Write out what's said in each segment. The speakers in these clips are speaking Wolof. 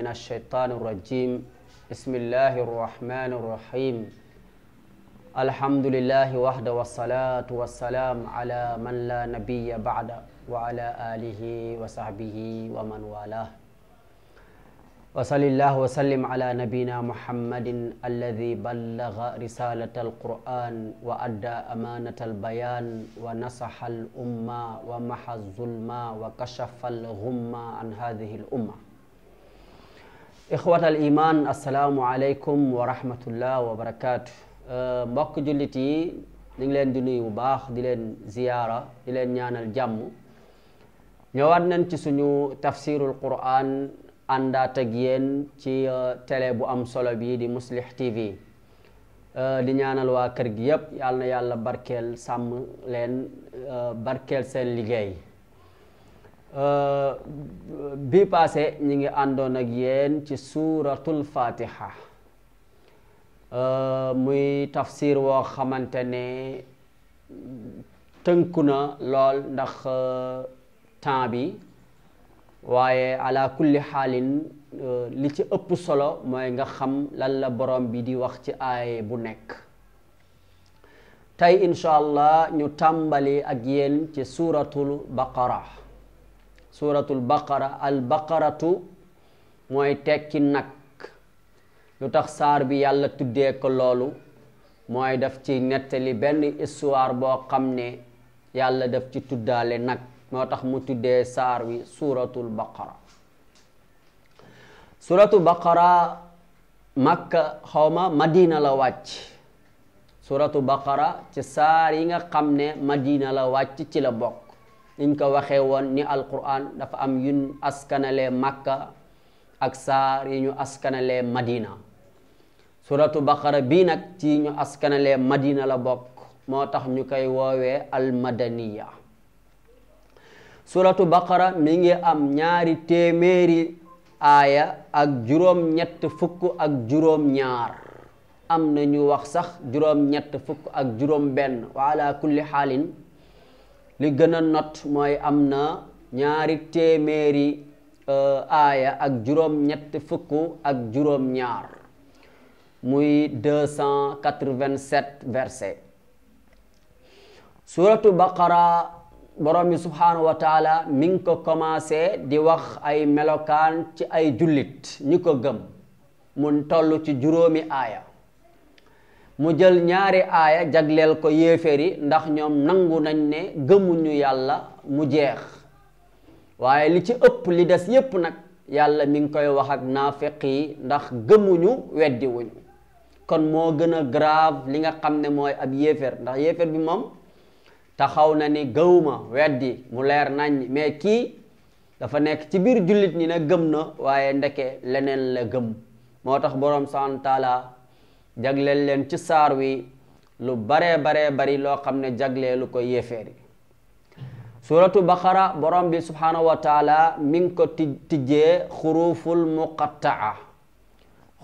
من الشيطان الرجيم بسم الله الرحمن الرحيم الحمد لله وحده والصلاة والسلام على من لا نبي بعد وعلى آله وصحبه ومن والاه وصلى الله وسلم على نبينا محمد الذي بلغ رسالة القرآن وأدى أمانة البيان ونصح الأمة ومحى الظلم وكشف الغمة عن هذه الأمة ixwatal iman asalaamu aleykum wa rahmatullah wa barakaatu euh, mbokk jullit yi ñu ngi leen di nuyu bu baax di leen ziyaara di leen ñaanal jàmm ñëwaat nañ ci suñu tafsirul quran àndaat ak yéen ci euh, télé bu am solo bi di muslih tv euh, di ñaanal waa kër gi yépp yàlla na yàlla barkeel sàmm leen barkeel seen liggéey bi passé ñi ngi àndoon ak yéen ci suuratul fatiha euh, muy tafsir woo xamante ne tënku na lool ndax euh, temps bi waaye ala kulli xaalin euh, li ci ëpp solo mooy nga xam lan la borom bi di wax ci aaye bu nekk tey incha allah ñu tàmbali ak yéen ci suuratul baqara suuratul baqara al baqaratu mooy tekki nag lu tax saar bi yàlla tuddee ko loolu mooy def ci nettali benn histoire boo xam ne yàlla def ci tuddaale nag moo tax mu tuddee saar wi suuratul baqara suuratu baqara makka xawma madina la wàcc suuratu baqara ci saar yi nga xam ne madina la wàcc ci la bokk niñ ko waxee woon ni alquran dafa am yuñ askanalee màkka ak saar yi ñu askanalee madina suratu baqara bii nag ci ñu askanalee madina la bokk moo tax ñu koy woowee almadaniya suratu baqara mi ngi am ñaari téeméeri aaya ak juróom ñett fukk ak juróom ñaar am na ñu wax sax juróom ñett fukk ak juróom benn wa ala kulli xaalin li gën a not mooy am na ñaari téeméeri euh, aaya ak juróom ñett fukk ak juróom ñaar muy 287 verset suratu baqara borom bi subhaanahu wa mi ngi ko commencé di wax ay melokaan ci ay jullit ñi ko gëm mun toll ci juróomi aaya mu jël ñaari aaya jagleel ko yéeféer yi ndax ñoom nangu nañ ne gëmuñu yàlla mu jeex waaye li ci ëpp li des yépp nag yàlla mi ngi koy wax ak naafeq yi ndax gëmuñu weddi wuñu kon moo gën a grave li nga xam ne mooy ab yéeféer ndax yéeféer bi moom taxaw na ni gëwuma weddi mu leer nañ mais kii dafa nekk ci biir jullit ñi ne gëm na waaye ndeke leneen la gëm moo tax boroom subhaanahu wa jagleel leen ci saar wi lu bare bare bari loo xam ne jagleelu ko yéeféeri suratu baqara borom bi subhaanahu wa taala mi ngi ko ti tijjee xuruuful muqattaa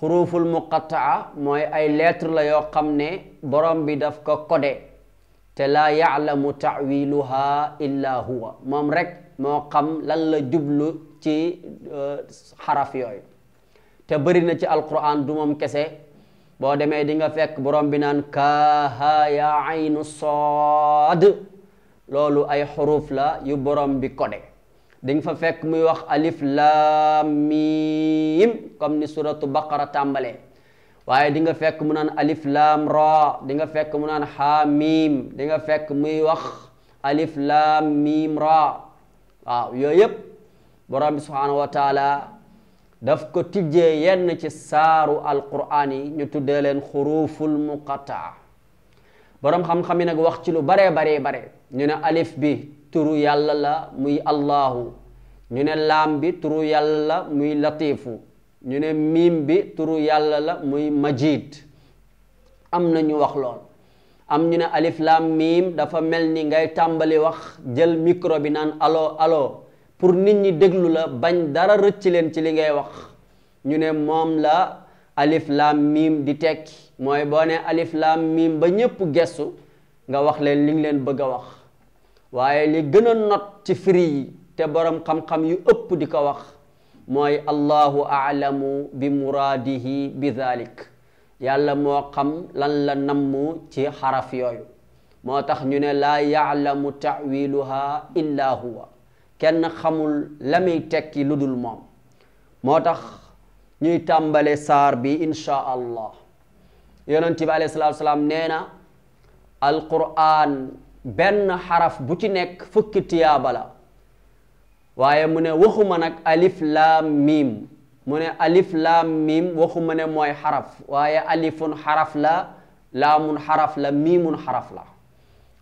xuruuful muqattaa mooy ay lettre la yoo xam ne borom bi daf ko codé te laa yaalamu taawiluha illa huwa moom rek moo xam lan la jublu ci euh, xaraf yooyu te bëri na ci alquran du moom kese boo demee dinga fekk borom bi naan kaaha ya aynu saad loolu ay xuruf la yu borom bi codé di fa fekk muy wax alif laam miim comme ni suratu baqara tàmbalee waaye di nga fekk mu naan alif laam ra di nga fekk mu naan xaamiim di nga fekk muy wax alif laam miim ra waaw yooyu yëpp bi subhaanahu wa daf ko tijjee yenn ci saaru alquraan yi ñu tuddee leen xuruuful muqataa boroom xam-xam yi nag wax ci lu baree baree bare ñu ne alif bi turu yàlla la muy allahu ñu ne laam bi turu yàlla la muy latifu ñu ne miim bi turu yàlla la muy majid am na ñu wax lool am ñu ne alif laam miim dafa mel ni ngay tàmbali wax jël micro naan alo alo pour nit ñi déglu la bañ dara rëcc leen ci li ngay wax ñu ne moom la alif laam miim di tekki mooy boo ne alif miim ba ñépp gestu nga wax leen li leen bëgg a wax waaye li gëna a not ci firi yi te boroom xam-xam yu ëpp di ko wax mooy allahu alamu bi muraadihi bi dhalik yàlla moo xam lan la namm ci xaraf yooyu moo tax ñu ne laa yaalamu taawiluha illa huwa kenn xamul lami muy tekki lu dul moom moo tax ñuy tàmbale saar bi insha allah yonent bi alayhi salaatu salaam nee na alquran benn xaraf bu ci nekk fukki tiyaaba la waaye mu ne waxuma alif laam miim mu ne alif laam miim waxuma mane mooy xaraf waaye alifun xaraf la laamun xaraf la miimun xaraf la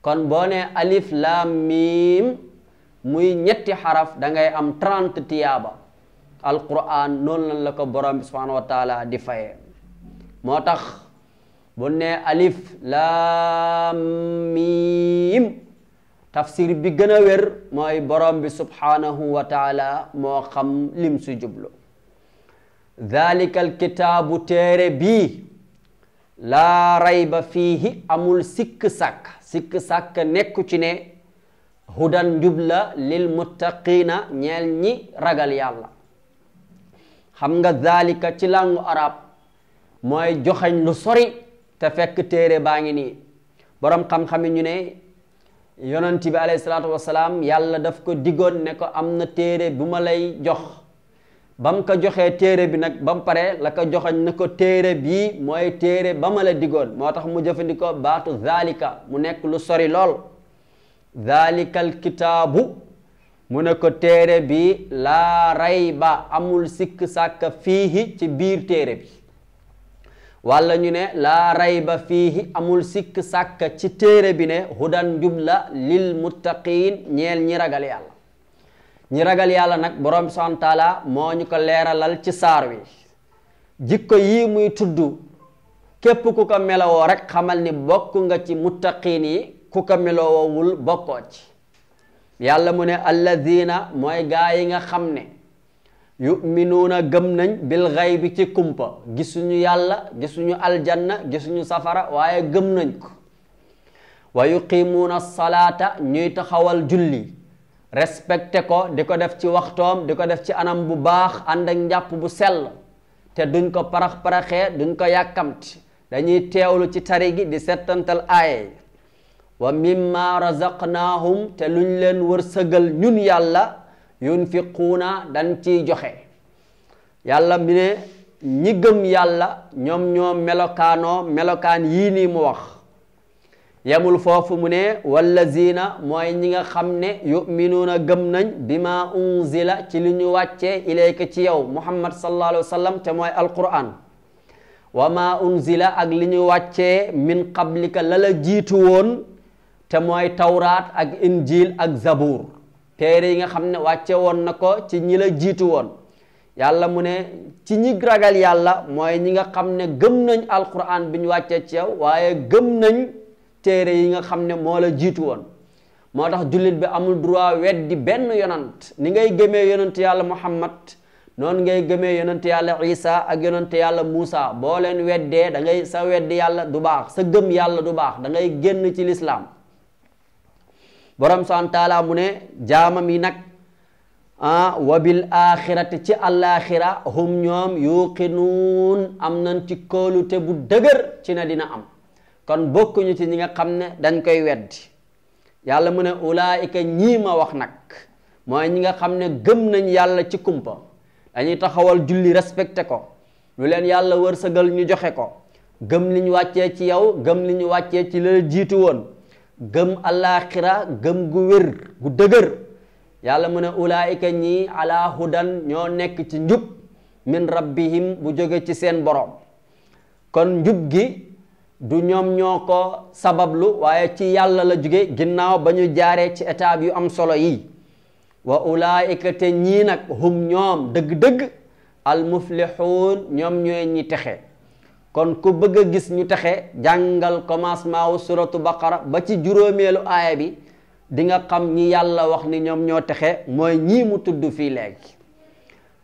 kon boo alif laam miim muy ñetti xaraf dangay ngay am trente tiyaaba alquran noon lañ la ko borom bi subhanahu wa di fayee moo tax bu ne alif laam miim tafsir bi gën a wér mooy borom bi subhanahu wa taala moo xam lim si jublu dalika alkitaabu téere bii laa rayba fiihi amul sikk sàkk sikk sàkk nekku ci ne hudan njub la lil muttaqina ñeel ñi ragal yàlla xam nga zalika ci làngu arab mooy joxeñ lu sori te fekk téere baa ngi nii boroom xam-xam yi ñu ne yonanti bi alayhi salaatu yàlla daf ko diggoon ne ko am na téere bu ma lay jox ba mu ko joxee téere bi nag ba mu pare la ko joxeñ ne ko téere bi mooy téere ba ma la diggoon moo tax mu jëfandikoo baatu zalika mu nekk lu sori lool daalikal kitaabu mu ne ko téere bi laa rayba amul sikk sàkka fiihi ci biir téere bi walla ñu ne laa rayba fii amul sikk sàkk ci téere bi ne hudan njub la lil muttaqiin ñeel ñi ragal yàlla ñi ragal yàlla nag borom subhaanahu moo ñu ko leeralal ci saar wi jikko yii muy tudd képp ku ko melawoo rek xamal ni bokk nga ci muttaqiin yi ku ko meloowul bokkoo ci yàlla mu ne allazina mooy gaa yi nga xam ne yuminuuna gëm nañ bil xay bi ci kumpa gisuñu yàlla gisuñu aljanna gisuñu safara waaye gëm nañ ko wa yuqimuuna salaata ñuy taxawal julli respecté ko di ko def ci waxtoom di ko def ci anam bu baax àndak njàpp bu sell te duñ ko parax-paraxee duñ ko yàkkamti dañuy teewlu ci tari di settantal aaye wa mimma razaqnaahum te lu ñu leen wërsëgal ñun yàlla yunfiquuna dañ ciy joxe yàlla mi ne ñi gëm yàlla ñoom ñoo melokaanoo melokaan yii nii mu wax yemul foofu mu ne wallazina mooy ñi nga xam ne yuminuuna gëm nañ bima unzila ci li ñu wàccee ilayka ci yow muhammad sallallahu alayhi wa sallam te mooy alquran wa ma unzila ak li ñu min qablika la la te mooy tawraat ak injil ak zabuur téere yi nga xam ne wàcce woon na ko ci ñi la jiitu woon yàlla mu ne ci ñi ragal yàlla mooy ñi nga xam ne gëm nañ alquran bi ñu wàccee ci yow waaye gëm nañ téere yi nga xam ne moo la jiitu woon moo tax jullit bi amul droit weddi benn yonant ni ngay gëmee yonant yàlla muhammad noonu ngay gëmee yonant yàlla isa ak yonant yàlla muusa boo leen weddee da ngay sa weddi yàlla du baax sa gëm yàlla du baax da ngay génn ci lislaam borom subhaanahu taala mu ne jaamam yi nag ah wa bil axirati ci àllaaxira hum ñoom yuqinuun am nañ ci kóolute bu dëgër ci na dina am kon bokkuñu ci ñi nga xam ne dañ koy wedd yàlla mu ne ulaayika ñii ma wax nag mooy ñi nga xam ne gëm nañ yàlla ci kumpa dañuy taxawal julli respecté ko lu leen yàlla wërsëgal ñu joxe ko gëm li ñu wàccee ci yow gëm li ñu wàccee ci la jiitu woon gëm allaaxira gëm gu wér gu dëgër yàlla mu ne ulaayika ñi ala hudan ñoo nekk ci njub min rabbihim bu jóge ci seen borom kon njub gi du ñoom ñoo ko sabablu waaye ci yàlla la jóge ginnaaw ba ñu jaaree ci étape yu am solo yi wa ulaayika te ñii nag hum ñoom dëgg-dëgg almuflixuun ñoom ñooy ñi texe kon ku bëgg a gis ñu texe jàngal commencement wu suratu baqara ba ci juróomeelu aaya bi di nga xam ñi yàlla wax ni ñoom ñoo texe mooy ñii mu tudd fii léegi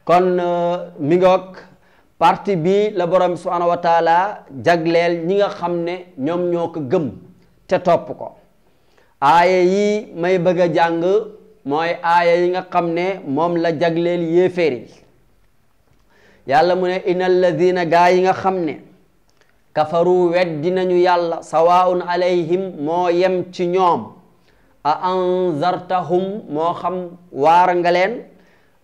kon euh, mi ngoog parti bi la borom bi subhaanahu jagleel ñi nga xam ne ñoom ñoo ko gëm te topp ko aaya yi may bëgg a jàng mooy aaya yi nga xam ne moom la jagleel yéeféer yi yàlla mu ne inna alladina gaa yi nga xam ne kafaru weddi nañu yàlla sawaun alayhim moo yem ci ñoom a anzartahum moo xam waar nga leen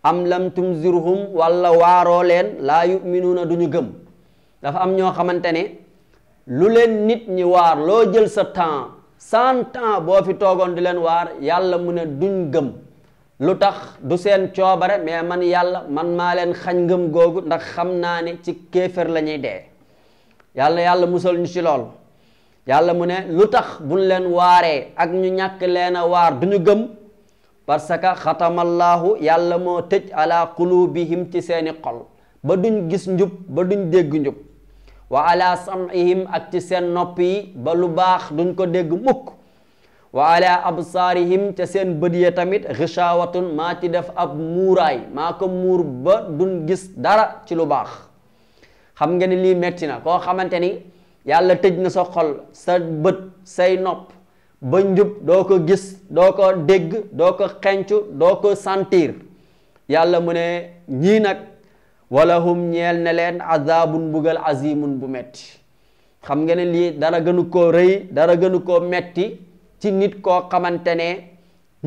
am lam tunzirhum walla waaroo leen laa yuminuuna na duñu gëm dafa am ñoo xamante ne lu leen nit ñi waar loo jël sa temps cent boo fi toogoon di leen waar yàlla mu ne duñ gëm lu tax du seen coobare mais man yàlla man maa leen xañ ngëm googu ndax xam naa ne ci kéefër lañuy ñuy dee yàlla yàlla musal ñu ci lool yàlla mu ne lu tax buñ leen waaree ak ñu ñàkk leen a waar duñu gëm parce que yàlla moo tëj ala qulubihim ci seeni xol ba duñ gis njub ba duñ dégg njub wa ala sam'ihim ak ci seen nopp yi ba lu baax duñ ko dégg mukk wa ala absaarihim ca seen bët ya tamit xichawatun maa ci def ab muuraay maa ko muur ba duñ gis dara ci lu baax xam nga ni lii metti na koo xamante ni yàlla tëj na sa xol sa bët say nopp ba njub doo ko gis doo ko dégg doo ko xenc doo ko sentir yàlla mu ne ñii nag wala hum ñeel ne leen azabun bugal azimun bu metti xam nga ne lii dara gënu koo rëy dara gënu koo metti ci nit koo xamante ne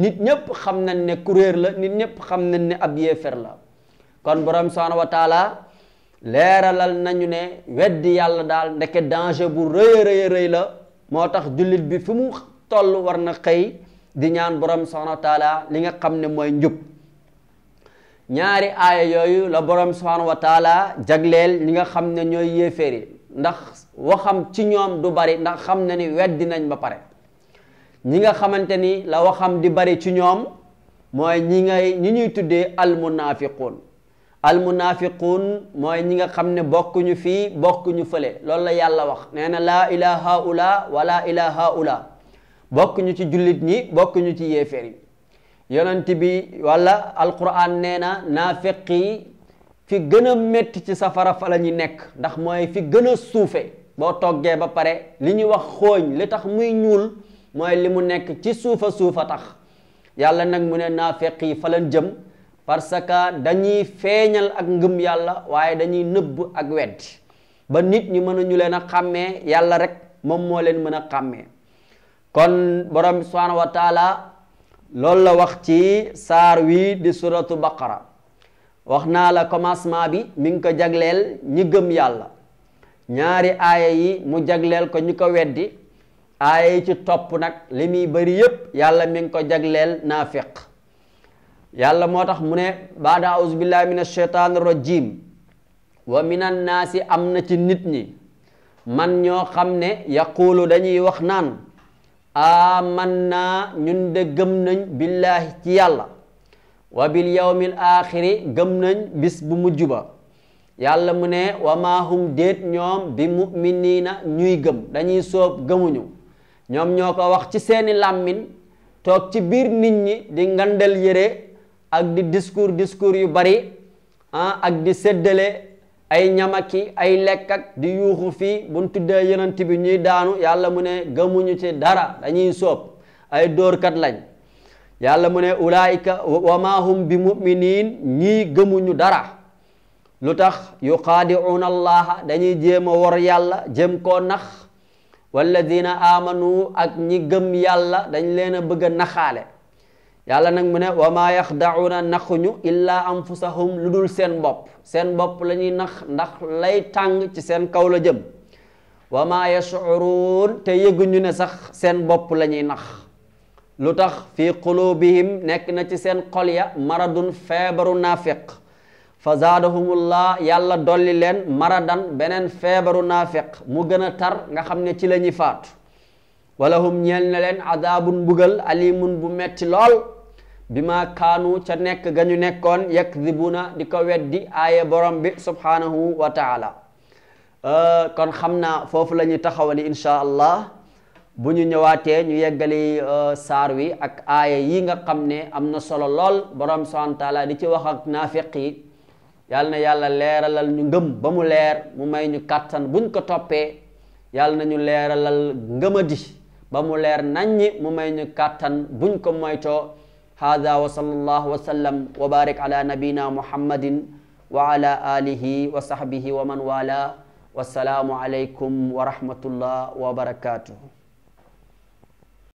nit ñépp xam nañ ne kuréer la nit ñépp xam nañ ni ab yéefér la kon borom subhanahu leeralal nañu ne weddi yàlla daal ndeke danger bu rëy rëy rëy la moo tax jullit bi fi mu toll war na xëy di ñaan boroom subhanahu li nga xam ne mooy njub ñaari aaya yooyu la borom subhanahu wa jagleel li nga xam ne ñooy yéeféer yi ndax waxam ci ñoom du bari ndax xam na ni weddi nañ ba pare ñi nga xamante ni la waxam di bari ci ñoom mooy ñi ngay ñi ñuy tuddee almunafiqun almunaafiquun mooy ñi nga xam ne bokkuñu fii bokkuñu fële loolu la yàlla wax nee na laa ilaa haula wala ilaa haula bokkuñu ci jullit ñi bokkuñu ci yéeféer yi yonent bi wala alquran nee na naafiq yi fi gën a métti ci safara fa la ñu nekk ndax mooy fi gën a suufe boo toggee ba pare li ñuy wax xooñ li tax muy ñuul mooy li mu nekk ci suufa suufa tax yàlla nag mu ne naafiq yi fa lañ jëm parce dañuy feeñal ak ngëm yàlla waaye dañuy nëbb ak weddi ba nit ñi mën a leen a xàmmee yàlla rek moom moo leen mën a xàmmee kon borom bi subhaanahu loolu la wax ci saar wi di suratu baqara wax naa la commencement bi mi ngi ko jagleel ñi gëm yàlla ñaari aaya yi mu jagleel ko ñi ko weddi aaya yi ci topp nag li muy bari yépp yàlla mi ngi ko jagleel naafiq yàlla moo tax mu ne baada aus billahi min ashaitan rajim wa min annaasi am na ci nit ñi man ñoo xam ne yaquulu dañuy wax naan man naa ñun de gëm nañ billaahi yàlla wa bil yawmil aaxiri gëm nañ bis bu mujj ba yàlla mu ne wa maahum déet ñoom bi muminina ñuy gëm dañuy soob gëmuñu ñoom ñoo ko wax ci seeni làmmin toog ci biir nit ñi di ngandal yére ak di discours discours yu bari ah, ak di séddale ay ñamaki ay lekkat ak di yuuxu fii buñ tuddee yonent bi ñuy daanu yàlla mu ne gëmuñu ci dara dañuy soob ay dóorkat lañ yàlla mu ne ulaayika wa maa hum bi ñii gëmuñu dara lu tax yuxaadicuuna allaha dañuy jéem a wor yàlla jéem koo nax walladina amanu ak ñi gëm yàlla dañ leen a bëgg naxaale yàlla nag mu ne wa maa yaxdauna naxuñu illaa anfusahum lu dul seen bopp seen bopp lañuy nax ndax lay tàng ci seen kaw la jëm wa maa yashuruun te yëguñu ne sax seen bopp lañuy nax lu tax fii qulubihim nekk na ci seen xol ya maradun feebaru naafiq fa zaadahumullah yàlla dolli leen maradan beneen feebaru naafiq mu gën a tar nga xam ne ci lañuy ñuy walahum ñeel na leen adaabun mbugal alimu bu metti lool bi kaanu ca nekk ga ñu nekkoon yakdibuna di ko weddi aaye borom bi subhanahu wa taala euh, kon xam naa foofu la ñuy taxawali insha allah bu ñu ñëwaatee ñu yeggali euh, saar wi ak aaye yi nga xam ne am na solo lool borom subhanahu wa di ci wax ak naafiq yi yàlla na yàlla leeralal ñu ngëm ba mu leer mu may ñu kàttan buñ ko toppee yàlla na ñu leeralal ngëmadi ba mu leer naññi mu may ñu kàttan buñ ko moytoo hada wa sallallahu wa sallam wa barik ala nabina muhammadin wa ala alihi wa sahbihi wa man wala wassalaamu alaykum wa rahmatullah wa barakatuh